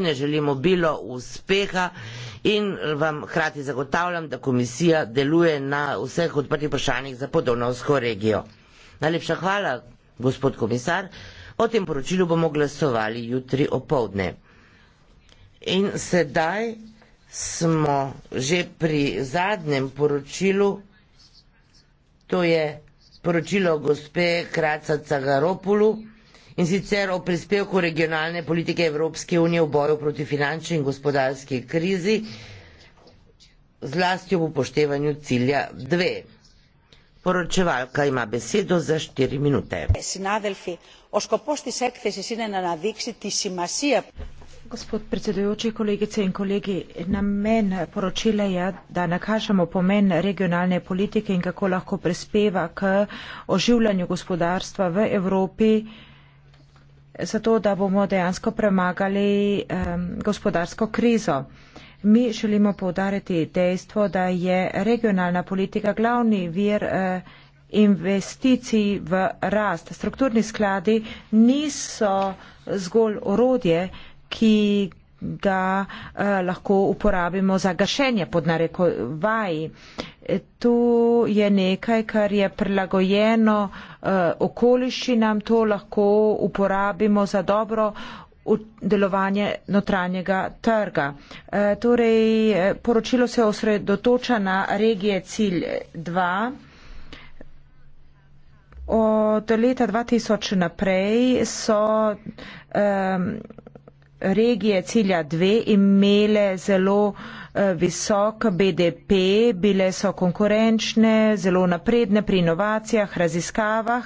skupne, želim obilo uspeha in vam hkrati zagotavljam, da komisija deluje na vseh odprtih vprašanjih za podonovsko regijo. Najlepša hvala, gospod komisar. O tem poročilu bomo glasovali jutri opovdne. In sedaj smo že pri zadnjem poročilu, to je poročilo gospe Kraca Cagaropulu in sicer o prispevku regionalne politike Evropske unije v boju proti finančni in gospodarski krizi, zlasti ob upoštevanju cilja 2. Poročevalka ima besedo za 4 minute. Gospod predsedujoči, kolegice in kolegi, namen poročila je, da nakažemo pomen regionalne politike in kako lahko prispeva k oživljanju gospodarstva v Evropi zato da bomo dejansko premagali um, gospodarsko krizo. Mi želimo povdariti dejstvo, da je regionalna politika glavni vir uh, investicij v rast. Strukturni skladi niso zgolj orodje, ki ga eh, lahko uporabimo za gašenje pod narekovaji. E, tu je nekaj, kar je prilagojeno eh, okoliščinam, to lahko uporabimo za dobro delovanje notranjega trga. E, torej, eh, poročilo se osredotoča na regije cilj 2. Od leta 2000 naprej so um, regije cilja 2 imele zelo eh, visok BDP, bile so konkurenčne, zelo napredne pri inovacijah, raziskavah.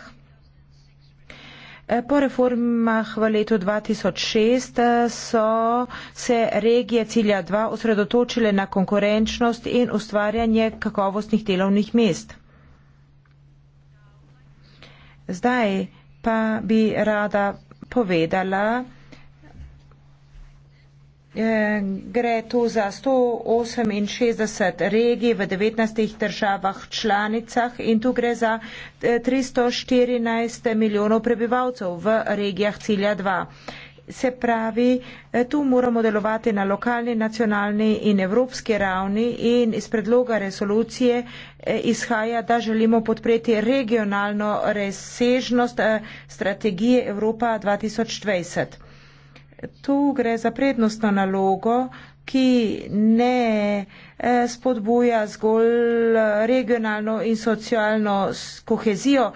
Eh, po reformah v letu 2006 eh, so se regije cilja 2 osredotočile na konkurenčnost in ustvarjanje kakovostnih delovnih mest. Zdaj pa bi rada povedala, Eh, gre tu za 168 regij v 19 državah članicah in tu gre za 314 eh, milijonov prebivalcev v regijah cilja 2. Se pravi, eh, tu moramo delovati na lokalni, nacionalni in evropski ravni in iz predloga resolucije izhaja, da želimo podpreti regionalno razsežnost strategije Evropa 2020. Tu gre za prednostno nalogo, ki ne eh, spodbuja zgolj regionalno in socialno kohezijo.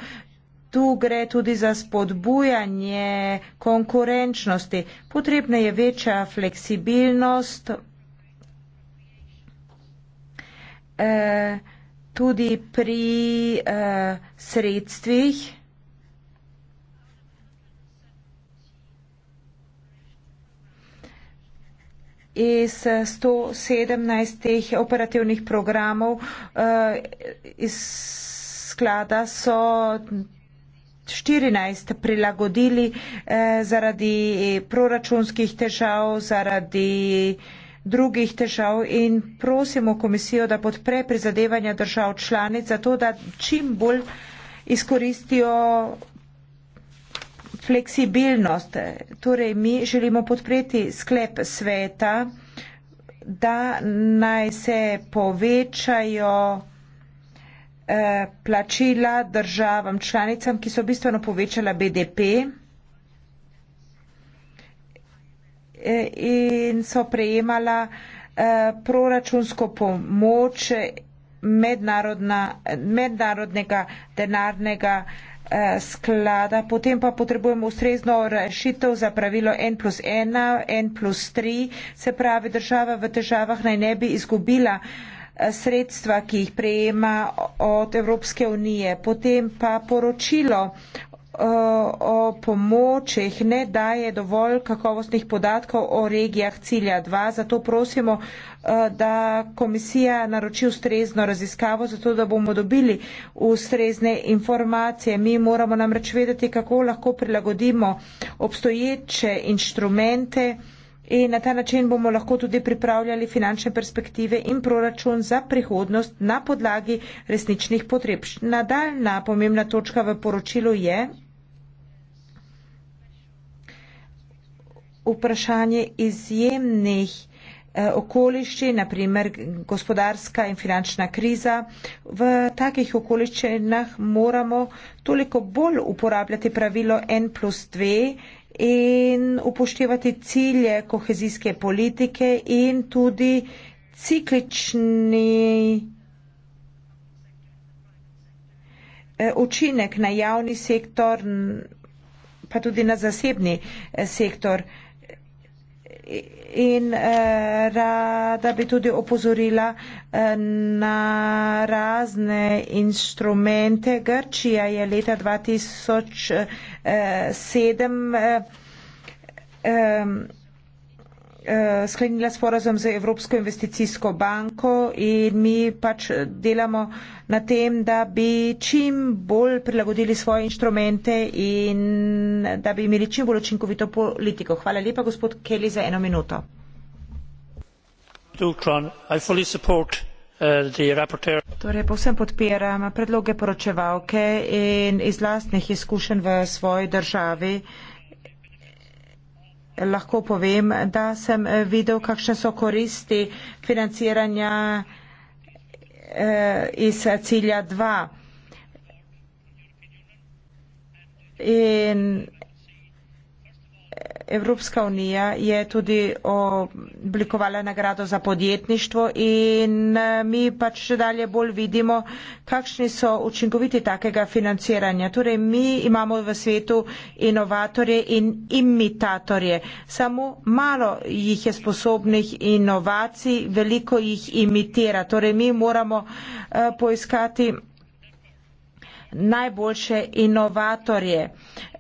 Tu gre tudi za spodbujanje konkurenčnosti. Potrebna je večja fleksibilnost, eh, tudi pri eh, sredstvih, iz 117 teh operativnih programov eh, iz sklada so 14 prilagodili eh, zaradi proračunskih težav, zaradi drugih težav in prosimo komisijo, da podpre prizadevanja držav članic za to, da čim bolj izkoristijo fleksibilnost. Torej, mi želimo podpreti sklep sveta, da naj se povečajo eh, plačila državam članicam, ki so bistveno povečala BDP eh, in so prejemala eh, proračunsko pomoč mednarodnega denarnega Eh, sklada, potem pa potrebujemo ustrezno rešitev za pravilo N plus 1, N plus 3, se pravi država v težavah naj ne bi izgubila eh, sredstva, ki jih prejema od Evropske unije. Potem pa poročilo Eh, o pomočeh ne daje dovolj kakovostnih podatkov o regijah cilja 2, zato prosimo, eh, da komisija naroči ustrezno raziskavo, zato da bomo dobili ustrezne informacije. Mi moramo namreč vedeti, kako lahko prilagodimo obstoječe inštrumente in na ta način bomo lahko tudi pripravljali finančne perspektive in proračun za prihodnost na podlagi resničnih potreb. Nadaljna pomembna točka v poročilu je, vprašanje izjemnih eh, okoliščin, naprimer gospodarska in finančna kriza. V takih okoliščinah moramo toliko bolj uporabljati pravilo N plus 2 in upoštevati cilje kohezijske politike in tudi ciklični eh, učinek na javni sektor, pa tudi na zasebni eh, sektor in uh, rada bi tudi opozorila uh, na razne instrumente. Grčija je leta 2007 uh, um, uh, sklenila sporazum z Evropsko investicijsko banko in mi pač delamo na tem, da bi čim bolj prilagodili svoje inštrumente in da bi imeli čim bolj učinkovito politiko. Hvala lepa, gospod Kelly, za eno minuto. Uh, torej, povsem podpiram predloge poročevalke in iz lastnih izkušenj v svoji državi lahko povem, da sem eh, videl, kakšne so koristi financiranja eh, iz cilja 2. In Evropska unija je tudi oblikovala nagrado za podjetništvo in eh, mi pač še dalje bolj vidimo, kakšni so učinkoviti takega financiranja. Torej, mi imamo v svetu inovatorje in imitatorje. Samo malo jih je sposobnih inovacij, veliko jih imitira. Torej, mi moramo eh, poiskati najboljše inovatorje.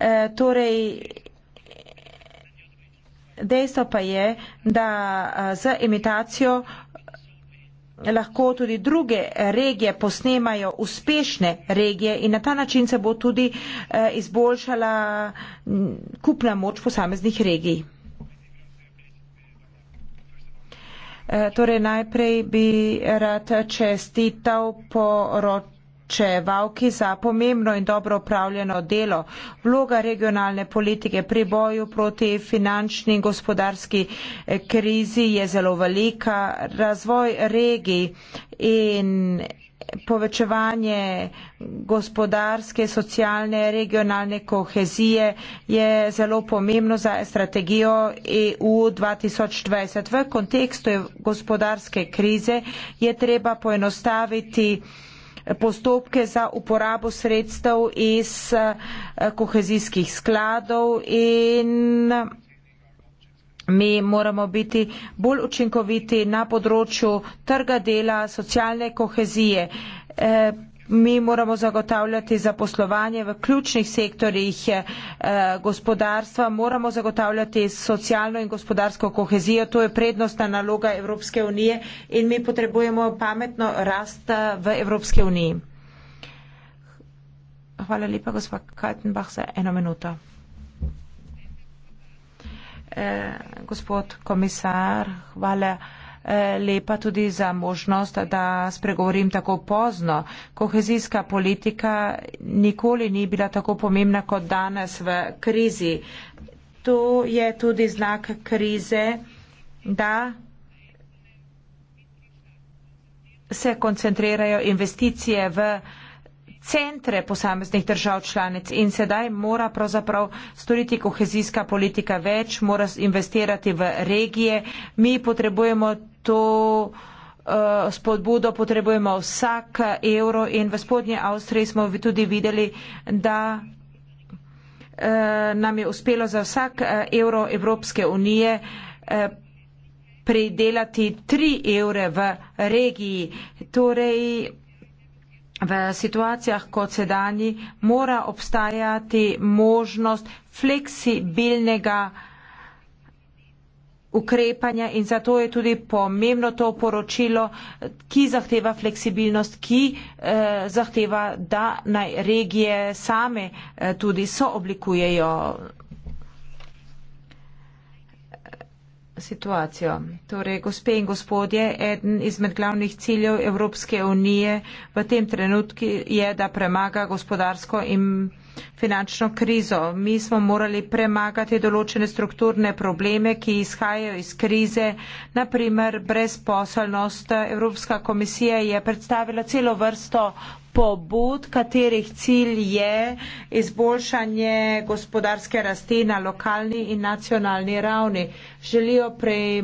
E, torej, Dejstvo pa je, da z imitacijo eh, lahko tudi druge eh, regije posnemajo uspešne regije in na ta način se bo tudi eh, izboljšala kupna moč posameznih regij. Torej najprej bi rad čestital po roč Če je Vavki za pomembno in dobro upravljeno delo, vloga regionalne politike pri boju proti finančni in gospodarski eh, krizi je zelo velika. Razvoj regij in povečevanje gospodarske, socialne, regionalne kohezije je zelo pomembno za strategijo EU 2020. V kontekstu gospodarske krize je treba poenostaviti postopke za uporabo sredstev iz eh, kohezijskih skladov in mi moramo biti bolj učinkoviti na področju trga dela, socialne kohezije. Eh, mi moramo zagotavljati zaposlovanje v ključnih sektorjih eh, gospodarstva, moramo zagotavljati socialno in gospodarsko kohezijo, to je prednostna naloga Evropske unije in mi potrebujemo pametno rast eh, v Evropske uniji. Hvala lepa, gospod Kaltenbach, za eno minuto. Eh, gospod komisar, hvala lepa tudi za možnost, da spregovorim tako pozno. Kohezijska politika nikoli ni bila tako pomembna kot danes v krizi. To je tudi znak krize, da se koncentrirajo investicije v centre posameznih držav članic in sedaj mora pravzaprav storiti kohezijska politika več, mora investirati v regije. Mi potrebujemo to eh, spodbudo potrebujemo vsak evro in v spodnji Avstriji smo tudi videli, da eh, nam je uspelo za vsak eh, evro Evropske unije pridelati tri evre v regiji. Torej, v situacijah kot sedanji mora obstajati možnost fleksibilnega ukrepanja in zato je tudi pomembno to poročilo, ki zahteva fleksibilnost, ki eh, zahteva, da naj regije same eh, tudi sooblikujejo eh, situacijo. Torej, gospe in gospodje, eden izmed glavnih ciljev Evropske unije v tem trenutku je, da premaga gospodarsko in finančno krizo. Mi smo morali premagati določene strukturne probleme, ki izhajajo iz krize, naprimer brezposelnost. Evropska komisija je predstavila celo vrsto pobud, katerih cilj je izboljšanje gospodarske rasti na lokalni in nacionalni ravni. Želijo prej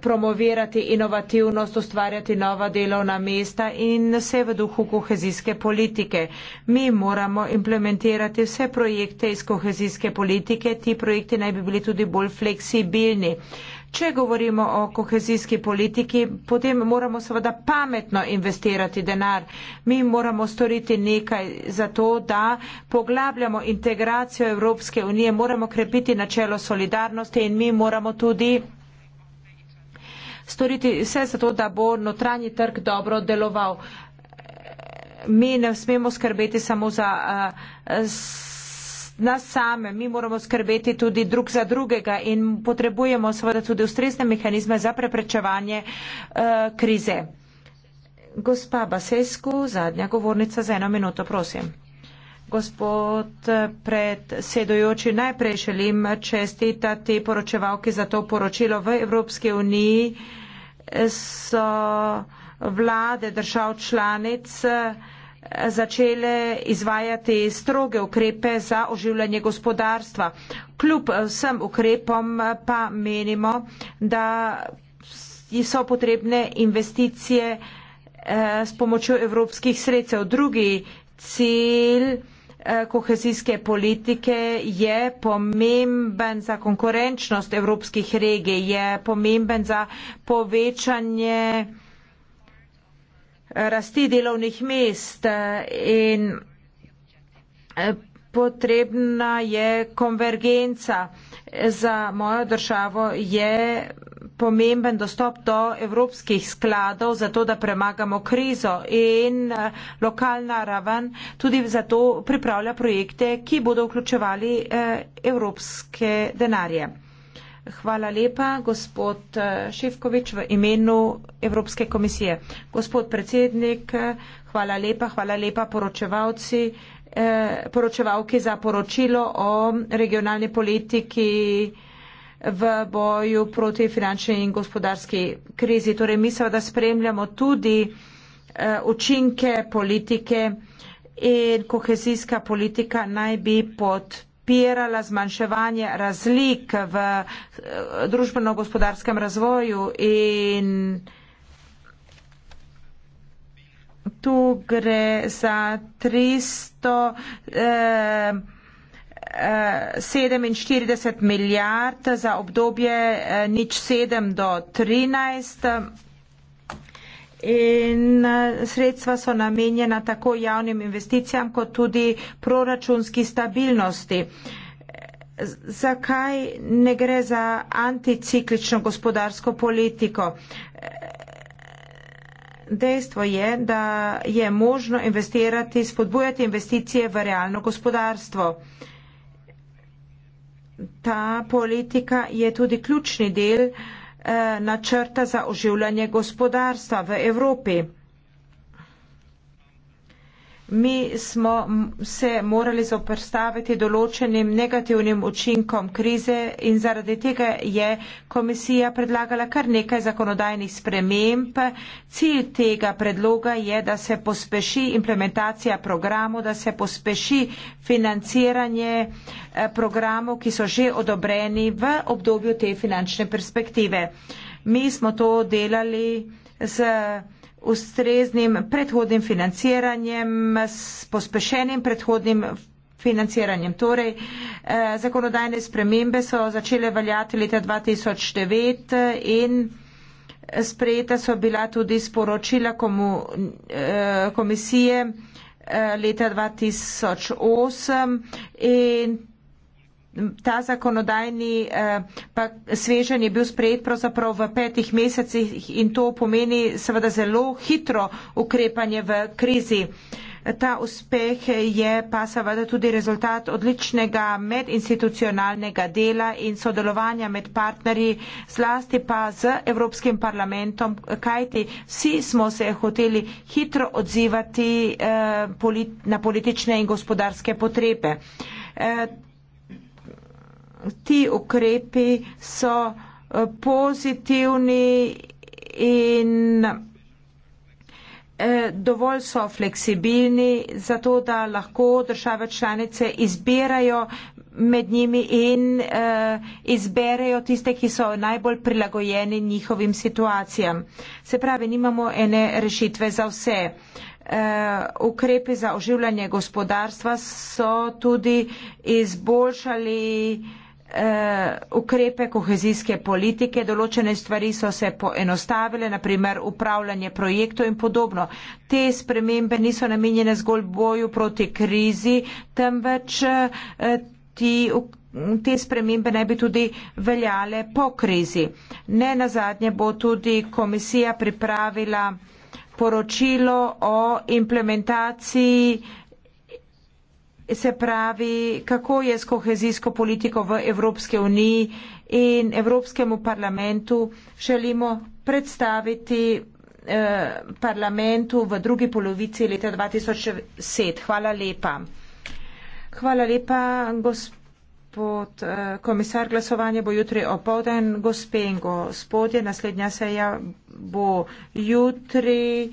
promovirati inovativnost, ustvarjati nova delovna mesta in vse v duhu kohezijske politike. Mi moramo implementirati vse projekte iz kohezijske politike, ti projekti naj bi bili tudi bolj fleksibilni. Če govorimo o kohezijski politiki, potem moramo seveda pametno investirati denar. Mi moramo storiti nekaj za to, da poglabljamo integracijo Evropske unije, moramo krepiti načelo solidarnosti in mi moramo tudi storiti vse za to, da bo notranji trg dobro deloval. Mi ne smemo skrbeti samo za uh, nas same, mi moramo skrbeti tudi drug za drugega in potrebujemo seveda tudi ustrezne mehanizme za preprečevanje uh, krize. Gospa Basescu, zadnja govornica za eno minuto, prosim. Gospod predsedujoči, najprej želim čestitati poročevalki za to poročilo. V Evropski uniji so vlade držav članic začele izvajati stroge ukrepe za oživljanje gospodarstva. Kljub vsem ukrepom pa menimo, da so potrebne investicije eh, s pomočjo evropskih sredstev. Drugi cilj Eh, kohezijske politike je pomemben za konkurenčnost evropskih regij, je pomemben za povečanje eh, rasti delovnih mest eh, in potrebna je konvergenca. Za mojo državo je pomemben dostop do evropskih skladov, zato da premagamo krizo in eh, lokalna raven tudi zato pripravlja projekte, ki bodo vključevali eh, evropske denarje. Hvala lepa, gospod eh, Šefkovič, v imenu Evropske komisije. Gospod predsednik, hvala lepa, hvala lepa poročevalci, poročevalki za poročilo o regionalni politiki v boju proti finančni in gospodarski krizi. Torej, mi seveda spremljamo tudi eh, učinke politike in kohezijska politika naj bi podpirala zmanjševanje razlik v eh, družbeno-gospodarskem razvoju in tu gre za 300. Eh, 47 milijard za obdobje eh, nič 7 do 13 in eh, sredstva so namenjena tako javnim investicijam kot tudi proračunski stabilnosti. Zakaj ne gre za anticiklično gospodarsko politiko? Dejstvo je, da je možno investirati, spodbujati investicije v realno gospodarstvo ta politika je tudi ključni del eh, načrta za oživljanje gospodarstva v Evropi mi smo se morali zoprstaviti določenim negativnim učinkom krize in zaradi tega je komisija predlagala kar nekaj zakonodajnih sprememb. Cilj tega predloga je, da se pospeši implementacija programov, da se pospeši financiranje eh, programov, ki so že odobreni v obdobju te finančne perspektive. Mi smo to delali z ustreznim predhodnim financiranjem, s pospešenim predhodnim financiranjem. Torej, eh, zakonodajne spremembe so začele veljati leta 2009 in sprejeta so bila tudi sporočila komu, eh, komisije eh, leta 2008 in ta zakonodajni eh, pa svežen je bil sprejet pravzaprav v petih mesecih in to pomeni seveda zelo hitro ukrepanje v krizi. Ta uspeh je pa seveda tudi rezultat odličnega medinstitucionalnega dela in sodelovanja med partnerji, zlasti pa z Evropskim parlamentom, kajti vsi smo se hoteli hitro odzivati eh, na politične in gospodarske potrebe. Eh, ti ukrepi so eh, pozitivni in eh, dovolj so fleksibilni za to, da lahko države članice izbirajo med njimi in eh, izberejo tiste, ki so najbolj prilagojeni njihovim situacijam. Se pravi, nimamo ene rešitve za vse. Ukrepi za oživljanje gospodarstva so tudi izboljšali Eh, ukrepe kohezijske politike, določene stvari so se poenostavile, naprimer upravljanje projektov in podobno. Te spremembe niso namenjene zgolj boju proti krizi, temveč eh, ti, te spremembe naj bi tudi veljale po krizi. Ne na zadnje bo tudi komisija pripravila poročilo o implementaciji se pravi, kako je s kohezijsko politiko v Evropske uniji in Evropskemu parlamentu želimo predstaviti eh, parlamentu v drugi polovici leta 2010. Hvala lepa. Hvala lepa, gospod eh, komisar. Glasovanje bo jutri opoldan. Gospe in gospodje, naslednja seja bo jutri.